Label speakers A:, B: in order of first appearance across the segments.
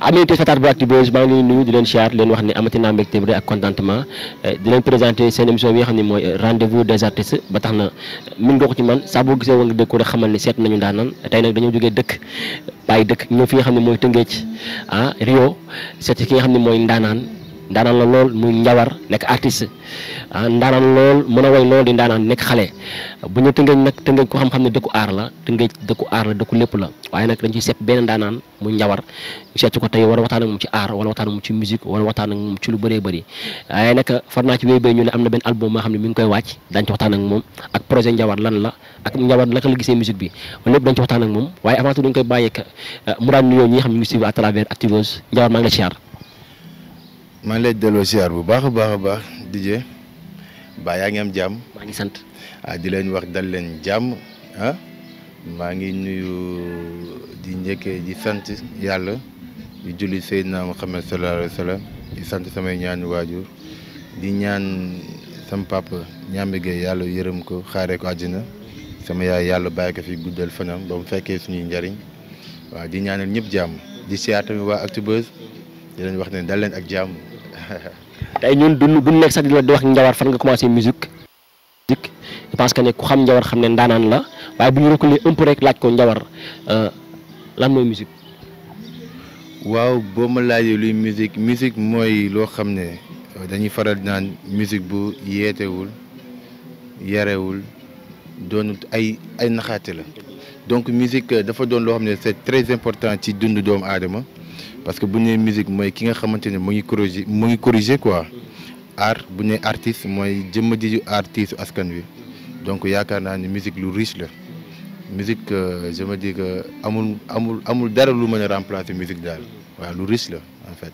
A: amee téléspectateurs bu Actubuzz maa ngi leen nuyu di leen siyaar leen wax ne amati naa mbégte ak contentement eh, di leen présenté seen émission bi xam ne mooy eh, rendez-vous des artistes ba tax na mën nga ko ci man saa boo gisee woon nga dëkk xamal ne seet nañu ndaanan tey nag dañoo jógee dëkk bàyyi dëkk ñëw fi xam ne mooy Tëngéej ah Rio seet ki xam ne mooy ndaanaan ndaanaan la lool mu njawar nekk artiste ah ndaanaan lool mën a way lool di ndaanaan nekk xale bu ñu tëngeej nag tëngeej ko xam-xam ne dëkku aar la tëngeej dëkku aar la dëkku lépp la waaye nag dañ ciy seet benn ndaanaan mu njawar ñu seet ko a waxtaan ak moom ci aar wala waxtaan wala waxtaan ak lu bëree bëri waaye uh, naa ci am na benn album ngi koy wàcc dañ ci waxtaan ak moom ak projet njawar lan la ak njawar naka la gisee musique bi lépp dañ ci waxtaan ak moom waaye avant tout dañ koy bàyyeek uh, mu daan nuyoo ñi nga xam ne ñu ngi suivre travers Activos njawar maa ngi la siyaar
B: maa ngi lay delloo siyaar bu baax a baax a baax DJ baa yaa ngi am jàmm. maa ngi sant. Ah, di leen wax dal leen jàmm ah maa ngi nuyu di njëkkee di sant yàlla di julli Seydina Muhammad sallallahu alayhi wa sallam di sant samay ñaanu waajur di ñaan sama papa Ñaambe Gueye yàlla yërëm ko xaaree ko àddina sama yaay yàlla bàyyi ko fi guddal fanam ba mu fekkee suñuy njariñ waa di ñaanal ñëpp jàmm di siyaar tamit waa
A: Actubuzz di leen wax ne dal leen ak jàmm. tey ñun dund duñ nekk sax di wax njawar fan nga commencé musique musique que ne ku xam njawar xam ne ndaanaan la waaye bu ñu reculer un peu rek laaj ko njawar euh, lan mooy musique
B: waaw boo ma laajee luy musique musique mooy loo xam ne dañuy faral naan musique bu yeetewul yarewul doonut ay ay naxaate la donc musique dafa doon loo xam ne c'est très important ci dundu doomu aadama parce que bu ñu nee mooy ki nga xamante ne mu ngi corriger mu ngi corriger quoi art bu ñu nee mooy jëmma jëmm ji artiste askan wi donc yaakaar naa ni musique lu riche la musique euh, je me amul amul amul dara lu mën a remplacer musique daal waaw lu riche la en fait.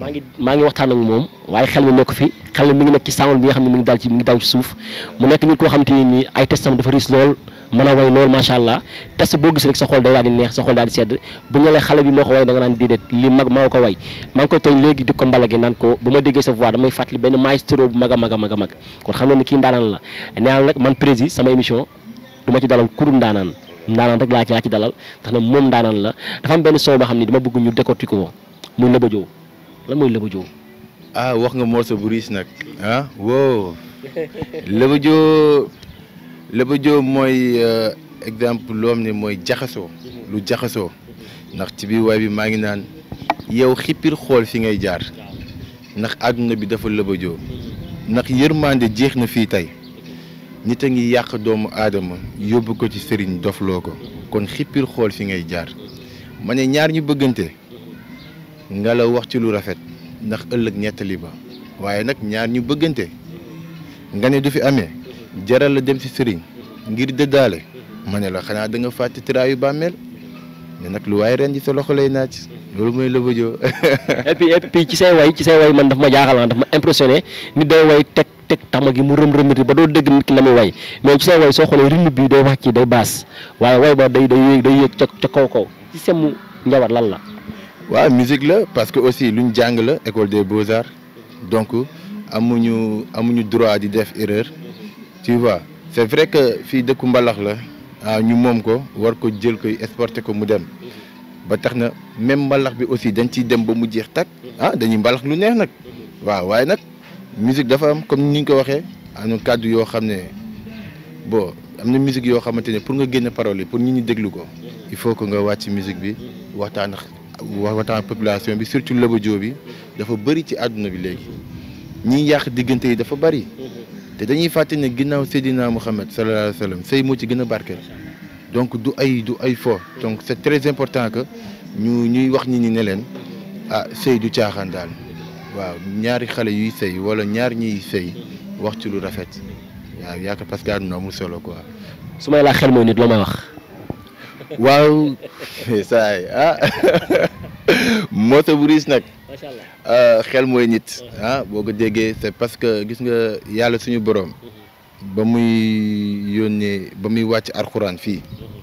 A: maa ngi maa ngi waxtaan ak moom waaye xel mi nekk fi xel mi mi ngi nekk ci sàngoon bi nga xam ne mi ngi dal ci mi ngi daw ci suuf mu nekk nit koo xam te ni ay testam dafa riis lool a ko a a mag a mag xam ne sama émission du ma ci dalal kurum ndaanaan ndaanaan rek laa ci laa moom ndaanaan la dafa am benn son boo xam ne dama bëgg ñu décortiquer ko muy lëbëjoo lan mooy lëbëjoo.
B: ah wax nga morceau bu riche nag ah wow lëbëjoo lëbëjoo mooy euh, exemple loo xam ne mooy jaxasoo lu jaxasoo ndax ci biir waay bi maa ngi naan yow xippil xool fi ngay jaar ndax àdduna bi dafa lëbëjoo ndax yërmande jeex na fii tey nit a ngi yàq doomu aadama yóbbu ko ci sëriñ dofloo ko kon xippil xool fi ngay jaar ma ne ñaar ñu bëggante. nga la wax ci lu rafet ndax ëllëg ñettali ba waaye nag ñaar ñu bëggante nga ne du fi amee jaral la dem ci sëriñ ngir dëddaale ma ne la xanaa danga fàtte fàtte yu bàmmeel mais nag lu waaye ren ji sa loxo lay naaj loolu mooy lëbëjoo.
A: et puis ci say way ci say way man daf ma jaaxal ah daf ma impressionné nit day way teg teg tama gi mu rëm rëmati ba doo dégg nit ki la muy way mais ci say way soo xoolee rythme bi day wax ci day baas waaye way ba day day day yéeg ca ca kaw kaw ci semu la. waaw musique
B: la parce que aussi luñ jàng la école des beaux arts donc amuñu amuñu droit di def erreur tu vois c'est vrai que fii dëkku mbalax la ah ñu moom ko war ko jël koy exporter ko mu dem ba tax na même mbalax bi aussi dañ ciy dem ba mu jeex takk ah dañuy mbalax lu neex nag waaw waaye nag musique dafa am comme ni ñu ko waxee am na kàddu yoo xam ne bon am na musique yoo xamante ne pour nga génn parole pour ñu ñu déglu ko il faut que nga wàcc musique bi waxtaan waxtaan population bi surtout lëbëjoo bi dafa bëri ci àdduna bi léegi ñiy yàq diggante yi dafa bëri te dañuy fàtte ne ginnaaw Seydina Mouhamed sallallahu alayhi wa sey moo ci gën a barkeel donc du ay du ay fo donc c'est très important que ñu ñuy wax nit ñi ne leen ah sëy du caaxaan daal waaw ñaari xale yuy sey wala ñaar ñiy sey wax ci lu rafet waaw yaakaar parce que àdduna amul solo quoi. su may laa xel mooy nit loo may wax. waaw saay ah moto bu riis nag ah, xel mooy nit ah boo ko déggee c'est parce que gis nga yàlla suñu boroom mm-hmm. ba muy yónnee ba muy wàcc alxuraan fii mm-hmm.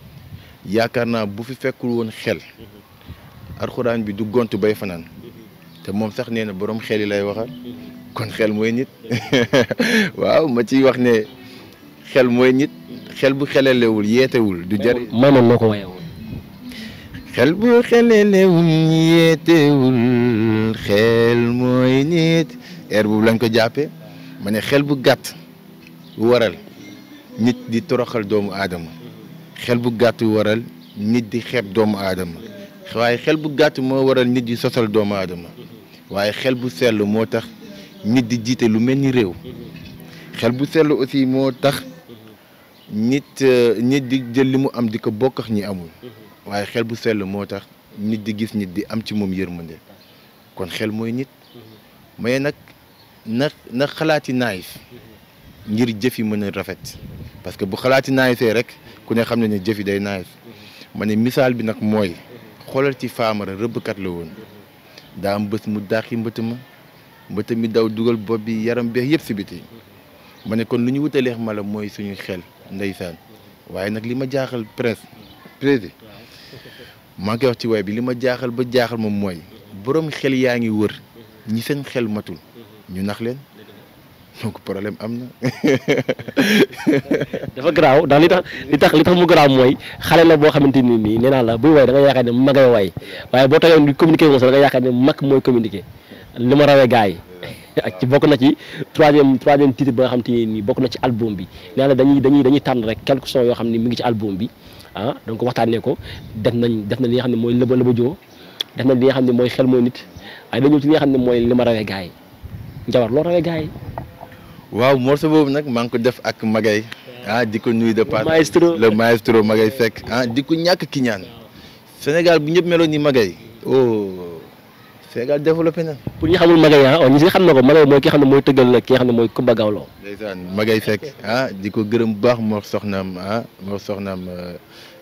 B: yaakaar naa bu fi fekkul woon xel mm-hmm. arxuraan bi du gont bay fanaan te moom sax nee na boroom xel yi lay waxal kon xel mooy nit waaw ma ciy wax ne xel mooy nit xel bu xelelewul yeetewul du jëriñ. maanaam moo ko wayewoon. xel bu xelelewul yeetewul xel mooy nit heure boobu lañ ko jàppee ma ne xel bu gàtt waral nit di toroxal doomu aadama xel bu gàtt waral nit di xeeb doomu aadama waaye xel bu gàtt moo waral nit di sosal doomu aadama waaye xel bu sell moo tax nit di jiite lu mel ni réew xel bu sell aussi moo tax. nit euh, nit di jël li mu am di ko bokk ak ñi amul mm-hmm. waaye xel bu sell moo tax nit di gis nit di am ci moom yërmande kon xel mooy nit
A: mm-hmm.
B: mais nag na na xalaati naayif mm-hmm. ngir jëf yi mën a rafet parce que bu xalaati naayifee rek ku ne xam ne ne jëf yi day naayif ma ne misaal bi nag mooy xoolal ci faamara rëbbkat la woon daa am bés mu dàqi mbëtt ma mbëtt mi daw dugal bopp bi yaram beex yëpp si biti ma ne kon lu ñu wutalee mala mooy suñu xel ndeysaan waaye nag li ma jaaxal prince président maa ngi koy wax ci way bi li ma jaaxal ba jaaxal moom mooy borom xel yaa ngi wër ñi seen xel matul ñu nax leen donc problème am na.
A: dafa garaaw ndax li tax li tax mu garaaw mooy xale la boo xamante ni nii nee naa la buy way da nga yaakaar ne mag ay way waaye boo taxee woon communiquer moom sax da ne mag mooy communiquer li ma rawee gars yi. ak ci bokk na ci troisième troisième titre ba nga xam te ni bokk na ci album bi nee na dañuy dañuy dañuy tànn rek quelques sons yoo xam ne mi ngi ci album bi ah donc waxtaanee ko def nañ def nañ li nga xam ne mooy lëba lëba joo def nañ li nga xam ne mooy xel mooy nit waaye dañoo ci li nga xam ne mooy li ma rawee gars yi Ndiawar loo rawee gars yi.
B: waaw morceau boobu nag maa ngi ko def ak Magay ah di ko nuyu de part le maestro Magay Seck ah di ko ñàkk ki ñaan Sénégal bu ñëpp meloon ni Magay oh. Sénégal développé na.
A: pour ñi xamul Magaye ah ñi si xam na ko Magaye mooy ki xam ne mooy tëggal ki nga xam ne mooy Kumba
B: Gawlo. ndeysaan Magaye Seck ah di ko gërëm bu baax Mor Soxnaam ah Mor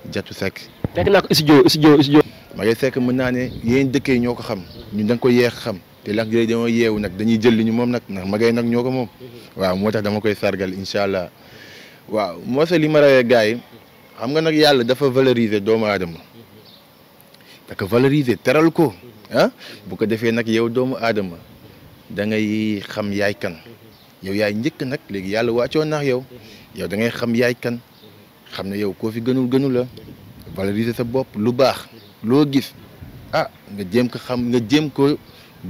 B: Jatu euh, Seck. fekk naa ko studio studio studio. Magaye Seck mën naa ne yéen dëkk ñoo ko xam ñun da ko yeex xam te làkk yooyu dañoo yeewu nag dañuy jël li ñu moom nag ndax Magaye nag ñoo ko moom. waaw moo tax dama koy sargal incha allah waaw moo sa li ma rawee gars yi xam nga nag yàlla dafa valoriser doomu aadama da ko teral ko. Ah, bu ko defee nag yow doomu aadama da ngay xam yaay kan yow yaay njëkk nag léegi yàlla wàccoo naax yow yow da ngay xam yaay kan xam na yow koo fi gënul gënu la valoriser sa bopp lu baax loo gis ah nga jéem ko xam nga jéem ko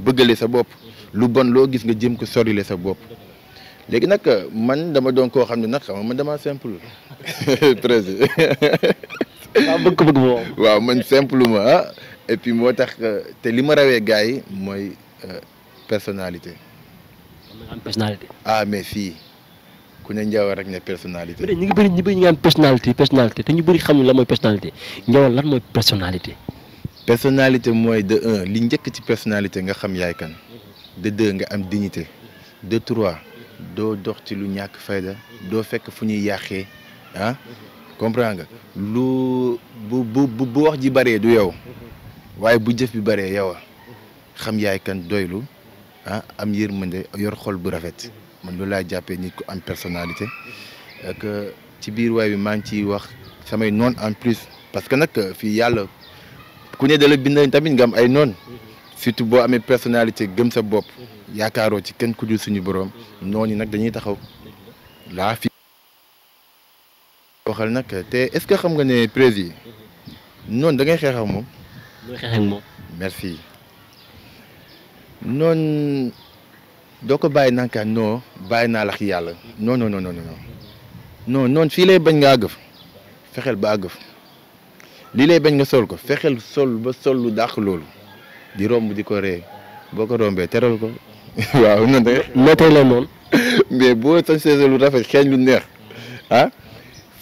B: bëggale sa bopp lu bon loo gis nga jëm ko sorile sa bopp léegi nag euh, man dama doon koo xam ne nag xam nga man damaa simple très waaw ah, bëgg bëgg waaw man simple ah. et puis moo tax euh, te li ma rawee gars yi mooy euh, personalité am personnalité. Ah, fii ku ne Ndiawar rek ne personalité
A: mais ñu ngi bëri ñu bëri ñu ngi ñu bëri xamuñu lan mooy personnalité Ndiawar lan mooy personnalité. personnalité mooy de li njëkk
B: ci personnalité nga xam yaay kan de deux nga am dignité de trois doo dox ci lu ñàkk fayda doo fekk fu ñuy yàqee ah comprends nga bu wax ji baree du yow. waaye bu jëf bi baree yow xam yaay kan doylu ah am yërmande yor xol bu rafet man loolu laa jàppee nit ku am personnalité ak euh, ci biir waay maa ngi ciy wax samay noon en plus parce que nag euh, fii yàlla ku ne dala bind tamit nga am ay noon surtout boo amee personnalité gëm sa bopp yaakaaroo ci kenn ku dul suñu boroom noonu nag dañuy taxaw laa fi waxal nag te est-ce que xam nga ne prési noonu da ngay xeexaw moom muy xeex ak doo ko bàyyi nanka non bàyyi naa la yàlla non non non non fii lay bañ nga àgg fa fexeel ba àgg fa lii lay bañ nga sol ko fexeel sol ba sol lu dàq loolu di romb di ko ree boo ko rombee teral ko waaw noonu de. météo la moom. mais boo sañ lu rafet xeeñ lu neex ah?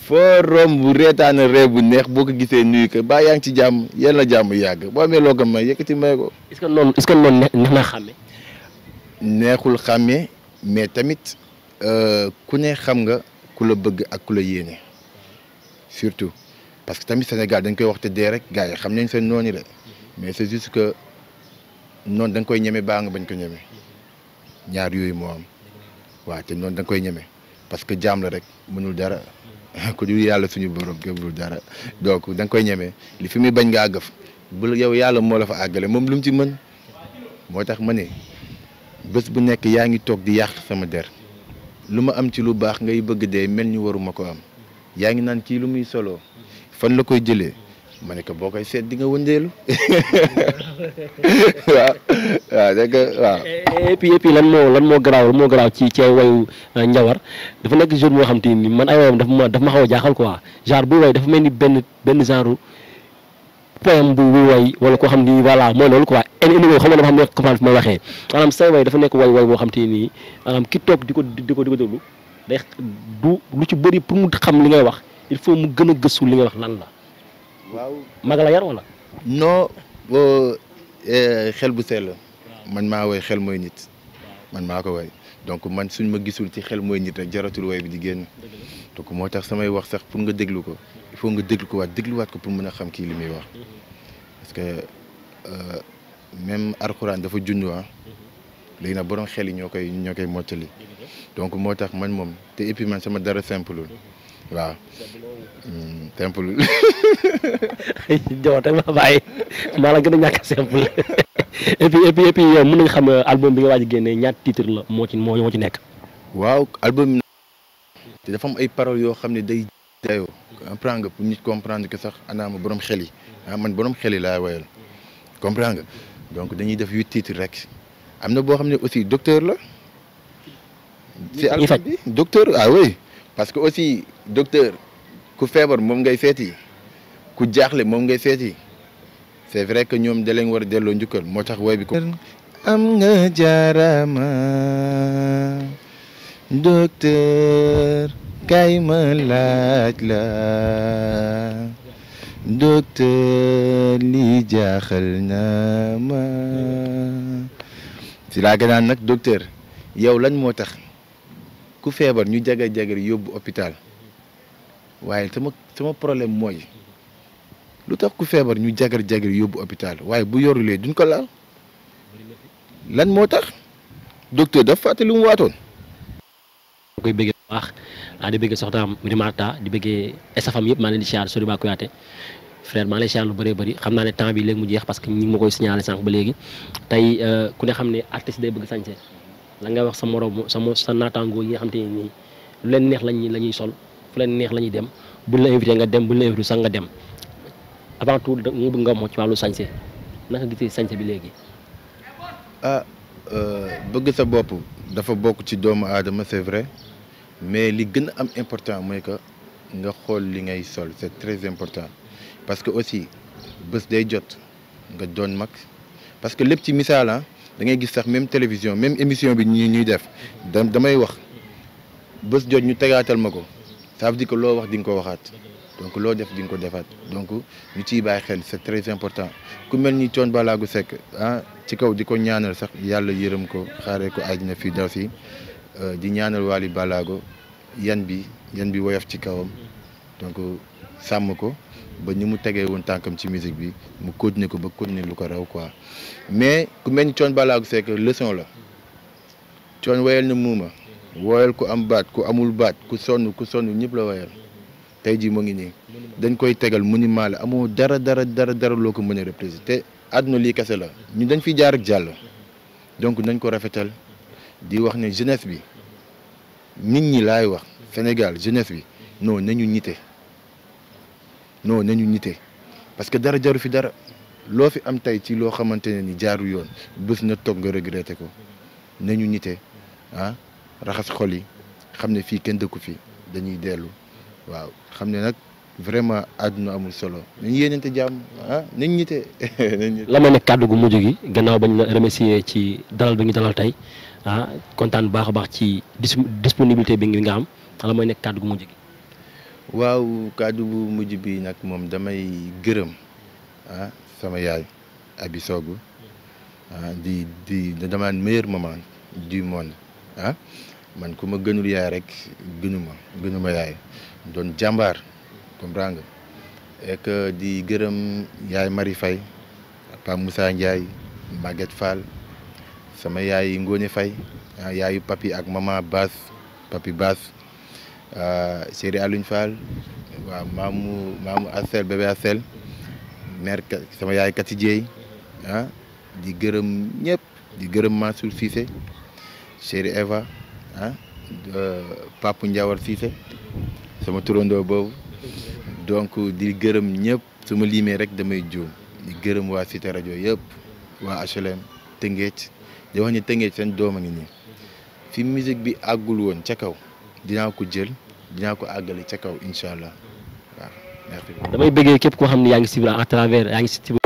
B: foo romb bu reetaane réew bu neex boo ko gisee nuyu ko baa yaa ngi ci jàmm yal na jàmm yàgg boo amee loo ko may yëkkati may ko.
A: est-ce que noonu est-ce que
B: neex na xàmme. neexul xàmme mais tamit euh, ku ne xam nga ku la bëgg ak ku la yéene surtout parce que tamit Sénégal dañ koy wax te dee rek gars yi xam nañ seen noonu la mais c'est juste que noonu da koy ñeme baa nga bañ ko ñeme ñaar yooyu moo am waaw te noonu da koy ñeme parce que jaam la rek mënul dara. ku dul yàlla suñu borom gëmul dara donc danga koy ñemee li fi muy bañ nga àggaf bu yow yàlla moo la fa àggale moom lu mu ci mën moo tax ma ne bés bu nekk yaa ngi toog di yàq sama der lu ma am ci lu baax ngay bëgg dee mel ni waruma ko am yaa ngi naan kii lu muy solo fan la koy jëlee ma ne ko boo koy seet di nga wëndeelu waaw waaw dégg nga waaw.
A: et puis lan moo lan moo garaaw moo garaaw ci ci wayu euh, Ndiawar dafa nekk jour moo xam te nii man ay wayam dafa ma dafa jaaxal quoi genre bu way dafa mel ni benn benn genre poème bu bu way wala koo xam ni voilà mooy loolu quoi en anyway xam nga dama xam ne comprendre fi may waxee maanaam say way dafa nekk way way boo xam te ni maanaam ki toog di ko di ko du lu ci bëri pour mu xam li ngay wax il faut mu gën a gëstu li ngay wax lan la. mag la yar wala. non eh, xel
B: bu sell man maa woy xel mooy nit man maa ko woy donc man suñ ma gisul ci xel mooy nit rek jaratul woy bi di génn donc moo tax samay wax sax pour nga déglu ko il faut nga déglu ko waat ko pour mën a xam kii li muy wax parce que euh, même alxuraan dafa junjwaa ah. léegi nag borom xel yi ñoo koy ñoo koy mottali donc moo tax man moom te et man sama dara simple waaw. Mm, simple.
A: Jaw tamit ma bàyyi maa la gën a ñàkk simple et puis et yow mën nañu xam euh, album bi nga waaj a génnee ñaat titre la moo ci moo ci nekk. waaw
B: album te dafa am ay paroles yoo xam ne day dayoo. comprendre nga pour nit comprendre que sax anaama borom xel yi ah, man borom xel yi laa woyal comprendre nga donc dañuy def huit titres rek am na boo xam ne aussi docteur la. ci album bi docteur ah oui. parce que aussi docteur ku feebar moom ngay seeti ku jaaxle moom ngay seeti c'est vrai que ñoom da war a delloo njukkal moo tax woy bi ko am nga jaarama docteur kay ma laaj la docteur li jaaxal na si laa gënaan nag docteur yow lan moo tax ku feebar ñu jagar jagar yóbbu hôpital waaye sama sama problème mooy lu tax ku feebar ñu jagar jagar yóbbu hôpital waaye bu yorulee duñ ko laal
A: lan moo tax docteur dafa fàtte lu mu waatoon. koy bëggee bu baax ah di bëggee soxnaam Marta di bëggee estafam yëpp maa leen di siyaar Soriba Kouyaté frère maa lay siyaar lu bëree bëri xam naa ne temps bi léegi mu jeex parce que ñu ngi ma koy signalé sànq ba léegi tey euh, ku ne xam ne artiste day bëgg sañse la ngay wax sa morom sa sa naataangoo yi nga xam nii lu leen neex lañ la ñuy sol fu leen neex la ñuy dem buñ la invité nga dem buñ la invité sax nga dem avant tout mu bëgg nga wax ci wàllu sañse naka gisee sañse bi léegi.
B: ah euh, bëgg sa bopp dafa bokk ci doomu aadama c'est vrai mais li gën a am important mooy que nga xool li ngay sol c'est très important parce que aussi bés day jot nga doon mag parce que lépp ci misaal da ngay gis sax même télévision même émission bi ñu ñuy def da damay wax bés jot ñu tegaatal ma ko ça veut ko loo wax di nga ko waxaat donc loo def di nga ko defaat donc ñu ciy bàyyi xel c'est très important ku mel ni Thione Ballago sekk ah ci kaw di ko ñaanal sax yàlla yërëm ko xaaree ko àjjana fi daw si euh, di ñaanal Wally Ballago yan bi yan bi woyof ci kawam donc sàmm ko ba ni mu tegee woon tànkam ci musique bi mu continuer ko ba continuer lu ko raw quoi mais ku mel ni Thione Ballago Seck leçon la Thione woyal na muuma woyal ku am baat ku amul baat ku sonn ku sonn ñëpp la woyal tey jii mu ngi nii dañ koy tegal mu ni maa la amoo dara dara dara dara loo ko mën a représenté te àdduna lii kese la ñu dañ fi jaar ak jàll donc nañ ko rafetal di wax ne jeunesse bi nit ñi laay wax Sénégal jeunesse bi non nañu ñite non nañu ñite parce que dara jaru fi dara loo fi am tey ci loo xamante ne ni jaaru yoon bés na toog nga regretté ko nañu ñite ah raxas xol yi xam ne fii kenn dëkku fi dañuy dellu waaw xam ne nag vraiment àdduna amul solo nañu yéenante jàmm ah nañ ñite la ma nekk
A: kàdd gu mujj gi gannaaw bañ la remercier ci dalal bi ngi dalal tey ah kontaan baax a baax ci disponibilité bi nga am la may nekk kàddu gu mujj gi
B: waaw kàddu bu mujj bi nag moom damay gërëm ah, sama yaay abi soogu ah di di dama meilleur moment du ah. man ku ma gënul yaay rek gënuma gënuma yaay doon jàmbaar comprendre nga di gërëm yaay Mari Faye Pape Moussa Ndiaye Maguette Fall sama yaay Ngone Faye ah, yaayu papi ak mama Bass papi Bass Serigne euh, Alioune Fall waaw maamu maamu Asel bébé Asel maire sama yaay Kati Dieye ah, di gërëm ñëpp di gërëm Mansour Cissé Chéri Eva ah euh, Pape Ndiawar sama turandoo boobu donc di gërëm ñëpp suma ma rek damay juum di gërëm waa Cité rajo yëpp waa HLM Tëngéej di wax ni Tëngéej seen doom a ngi nii fi musique bi àggul woon ca kaw dinaa ko jël. dinaa ko àggale ca kaw incha allah waaw merci. damay bëggee
A: képp koo xam ne yaa ngi suivre à travers yaa ngi